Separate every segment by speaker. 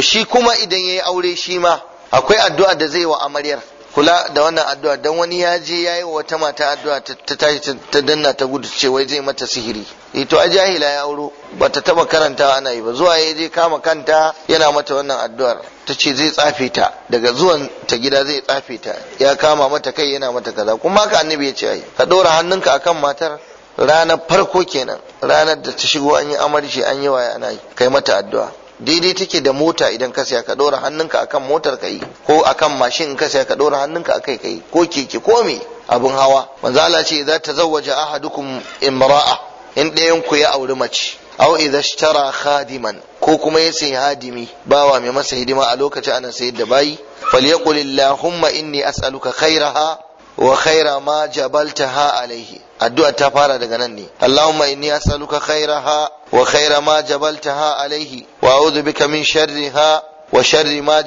Speaker 1: to shi kuma idan ya yi aure shi ma akwai addu'a da zai wa amaryar kula da wannan addu'a dan wani ya je yayi wa wata mata addu'a ta tashi ta danna ta gudu ce wai zai mata sihiri eh to a jahila ya auro ta taba karanta ana yi ba zuwa ya je kama kanta yana mata wannan addu'ar ta ce zai tsafe ta daga zuwan ta gida zai tsafe ta ya kama mata kai yana mata kaza kuma ka annabi ya ce ai ka dora hannunka akan matar ranar farko kenan ranar da ta shigo an yi amarci an yi waye ana yi kai mata addu'a daidai take da mota idan ka saya ka ɗora hannunka akan motar ka ko akan mashin in ka saya ka ɗora hannunka akai ka ko keke ko me abun hawa manzo Allah ce idza tazawwaja ahadukum imra'a in ɗayan ku ya auri mace aw idza ishtara khadiman ko kuma ya sayi hadimi bawa mai masa hidima a lokacin ana sayar da bayi falyaqul allahumma inni as'aluka khairaha wa khaira ma jabaltaha alaihi addu'a ta fara daga nan ne Allahumma inni as'aluka khairaha wa khaira ma jabaltaha alaihi wa a'udhu bika min sharriha wa ma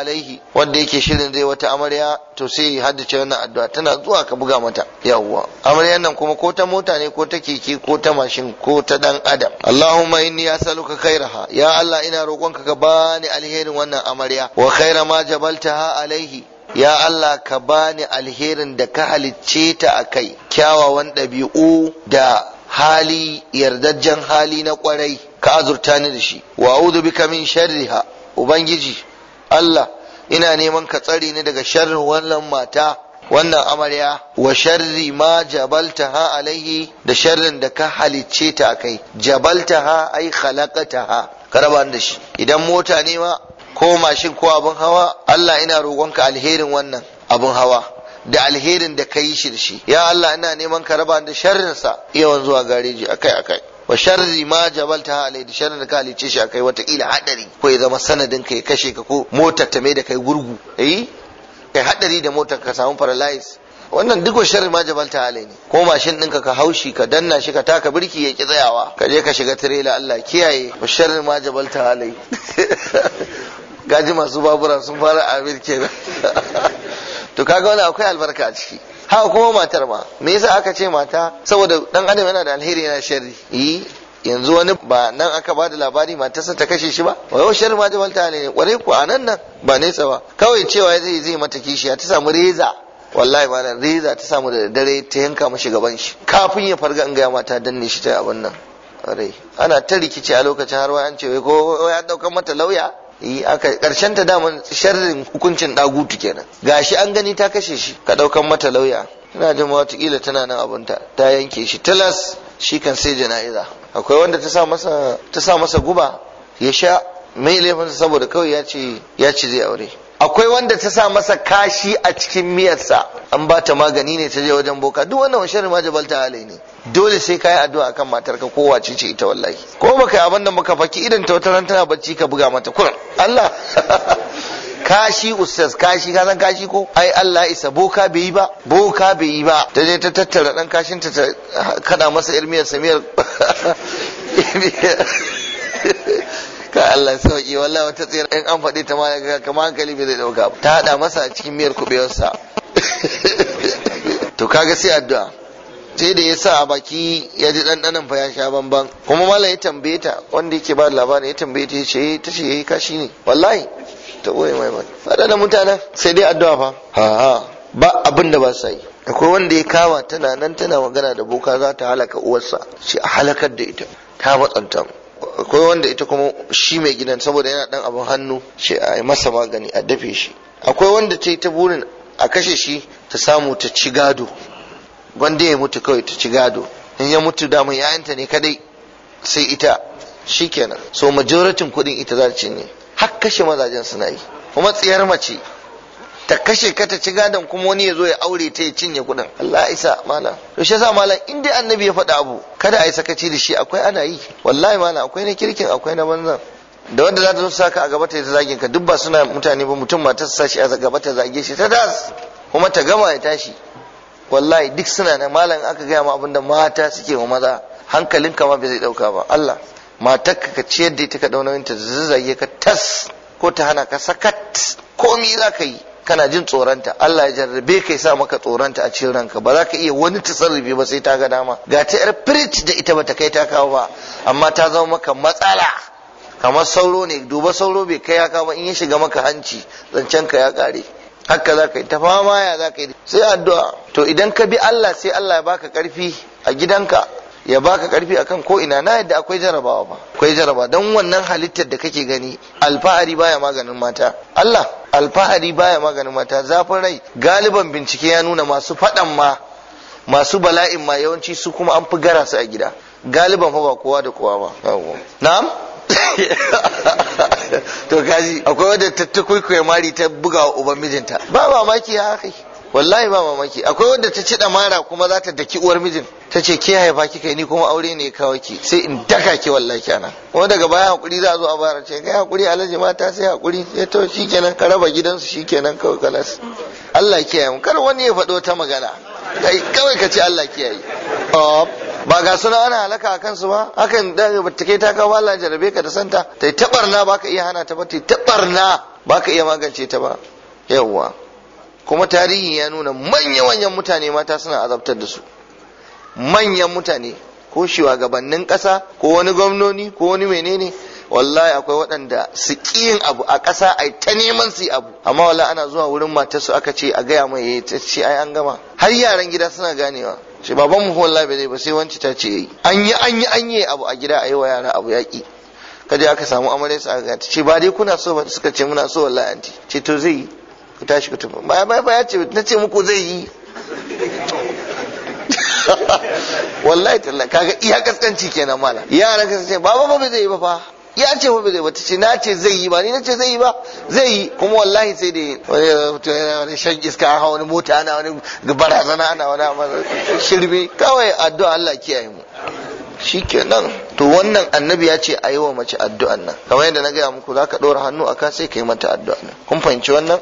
Speaker 1: alaihi wanda yake shirin zai wata amarya to sai ya haddace wannan addu'a tana zuwa ka buga mata yawwa Amaryar nan kuma ko ta mota ne ko ta keke ko ta mashin ko ta dan adam Allahumma inni as'aluka khairaha ya Allah ina roƙonka ka bani alherin wannan amarya wa khaira ma jabaltaha alaihi ya Allah ka bani alherin da ka halicce ta a kai kyawawan ɗabi'u da hali yardajjen hali na kwarai ka azurta ni da shi wa a'udhu bika min sharriha ubangiji Allah ina neman ka tsare ni daga sharrin wannan mata wannan amarya wa sharri ma jabaltaha alaihi da sharrin da ka halicce ta kai jabaltaha ai khalaqataha ka raba da shi idan mota ne ma ko mashin ko abin hawa Allah ina roƙonka alherin wannan abin hawa da alherin da ka yi shi da shi ya Allah ina neman ka raba da sharrinsa yawan zuwa gareji akai akai wa sharri ma jabalta alai da sharrin da ka halice shi akai watakila hadari ko ya zama sanadin ka ya kashe ka ko motar ta mai da kai gurgu eh kai hadari da motar ka samu paralyze wannan duk sharri ma jabalta alai ne ko mashin ɗinka ka haushi ka danna shi ka taka birki ya ki tsayawa ka je ka shiga tirela Allah kiyaye wa sharri ma jabalta alai gaji masu babura sun fara abin kenan to kaga wani akwai albarka a ciki haka kuma matar ma me yasa aka ce mata saboda dan adam yana da alheri yana sharri yi yanzu wani ba nan aka ba da labari matarsa ta kashe shi ba wa yau sharri ma walta ne kware ku a nan ba nesa ba kawai cewa zai zai mata kishiya ta samu reza wallahi ma nan reza ta samu da dare ta yanka mashi gaban shi kafin ya farga in ga mata danne shi ta abin nan ana ta rikici a lokacin har wai an ce wai ko ya daukan mata lauya yi aka karshen ta daman sharrin hukuncin dagutu kenan gashi an gani ta kashe shi ka daukan mata lauya ina jin watakila tana nan abunta ta yanke shi talas shi kan sai jana'iza akwai wanda ta sa masa ta sa masa guba ya sha mai laifinsa saboda kawai ya ce ya ce zai aure akwai wanda ta sa masa kashi a cikin miyarsa an ba ta magani ne ta je wajen boka duk wannan shirin ma jabalta alai ne dole sai ka yi addu'a akan matar ka kowa ce ita wallahi ko baka abin da muka faki idan ta wata ran tana bacci ka buga mata kuran Allah kashi ustaz kashi ka san kashi ko ai Allah isa boka bai yi ba boka bai yi ba ta je ta tattara dan kashin ta kada masa irmiyar samiyar ka Allah sauki wallahi wata tsayar in an faɗi ta ma kamar hankali bai zai dauka ta hada masa a cikin miyar kubewarsa to kaga sai addu'a sai da ya sa a baki ya ji ɗanɗanan fa ya sha bamban kuma malam ya tambaye ta wanda yake ba labarin ya tambaye ta ya ce eh, ta ce yayi eh, kashi ne wallahi ta boye mai mai faɗaɗa mutanen sai dai addu'a fa ha ba abin da ba sa yi akwai wanda ya kama tana nan tana magana da boka za ta halaka uwarsa shi a halakar da ita ta matsanta akwai wanda ita kuma shi mai gidan saboda yana dan abin hannu shi a yi masa magani a dafe shi akwai wanda ta yi ta burin a kashe shi ta samu ta ci gado gwanda ya mutu kawai ta ci gado in ya mutu damun ya'yanta ne kadai sai ita shikenan so majoratin kuɗin ita za ci ne har kashe mazajen suna yi kuma tsiyar mace ta kashe ka ta ci gadon kuma wani ya zo ya aure ta ya cinye kuɗin Allah isa mala to shi yasa mala in dai annabi ya faɗa abu kada a yi sakaci da shi akwai ana yi wallahi mala akwai na kirkin akwai na banzan da wanda za ta zo saka a gaba ta zagin ka duk ba suna mutane ba mutum ta sa shi a gaba ta zage shi ta das kuma ta gama ya tashi wallahi duk suna da malam aka gaya ma abinda mata suke wa maza Hankalin ma bai zai dauka ba Allah matarka ka ciyar da ita ka dauna ta zazzage ka tas ko ta hana ka sakat komi za ka yi kana jin tsoronta Allah ya jarrabe ka ya sa maka tsoronta a cikin ranka ba za ka iya wani tasarrufi ba sai ta ga dama ga ta yar print da ita bata kai ta kawo ba amma ta zama maka matsala kamar sauro ne duba sauro bai kai ya kawo ba in ya shiga maka hanci zancen ka ya kare haka za ka yi ta fama ya za ka yi sai addu'a to idan ka bi Allah sai Allah ya baka karfi a gidanka ya baka karfi akan ko ina na yadda akwai jarabawa ba akwai jaraba dan wannan halittar da kake gani alfahari baya maganin mata Allah alfahari baya maganin mata zafin rai galiban bincike ya nuna masu faɗan ma masu bala'in ma yawanci su kuma an fi gara su a gida galiban fa ba kowa da kowa ba na'am to kaji akwai wadda ta kwaikwayo mari ta bugawa uban mijinta ba mamaki haka wallahi ba mamaki akwai wanda ta ci damara kuma za ta daki uwar mijin ta ce ke haifa kai ni kuma aure ne ka ki sai in daka ki wallahi kenan wanda daga baya hakuri za a zo a bara ce kai hakuri alhaji mata sai hakuri sai to shikenan ka raba gidansu shikenan kawai kalas Allah kiyaye mu kar wani ya faɗo ta magana kai kawai ka ce Allah kiyaye ba ga suna ana halaka a kansu ba hakan da ba ta kai ta kawo Allah jarabe ka da santa ta tabarna ba ka iya hana ta ba ta tabarna ba ka iya magance ta ba yawwa kuma tarihi ya nuna manya-manyan mutane mata suna azabtar da su manyan mutane ko shugabannin ƙasa ko wani gwamnoni ko wani menene wallahi akwai waɗanda su yin abu a ƙasa ai ta neman su abu amma wala ana zuwa wurin matar su aka ce a gaya mai yayi eh, ta ce ai an gama har yaran gida suna ganewa ce baban mu wallahi bai ba sai wanci ta ce yayi an yi an yi an yi abu a gida a yi wa yara abu yaƙi kaje aka samu amarya su aka ce ba dai kuna so ba suka ce muna so wallahi anti ce to zai yi ku tashi ku tafi baya baya ya ce na ce muku zai yi wallahi talla kaga iya kaskanci kenan mala yaran ka ce baba ba zai yi ba fa ya ce ba zai ba ce na ce zai yi ba ni na ce zai yi ba zai yi kuma wallahi sai da wani wani shan iska a wani mota ana wani barazana ana wani shirbe kawai addu'a Allah kiyaye mu shikenan to wannan annabi ya ce a yi wa mace addu'an nan kamar yadda na gaya muku za ka ɗora hannu a ka sai ka yi mata addu'an nan kun fahimci wannan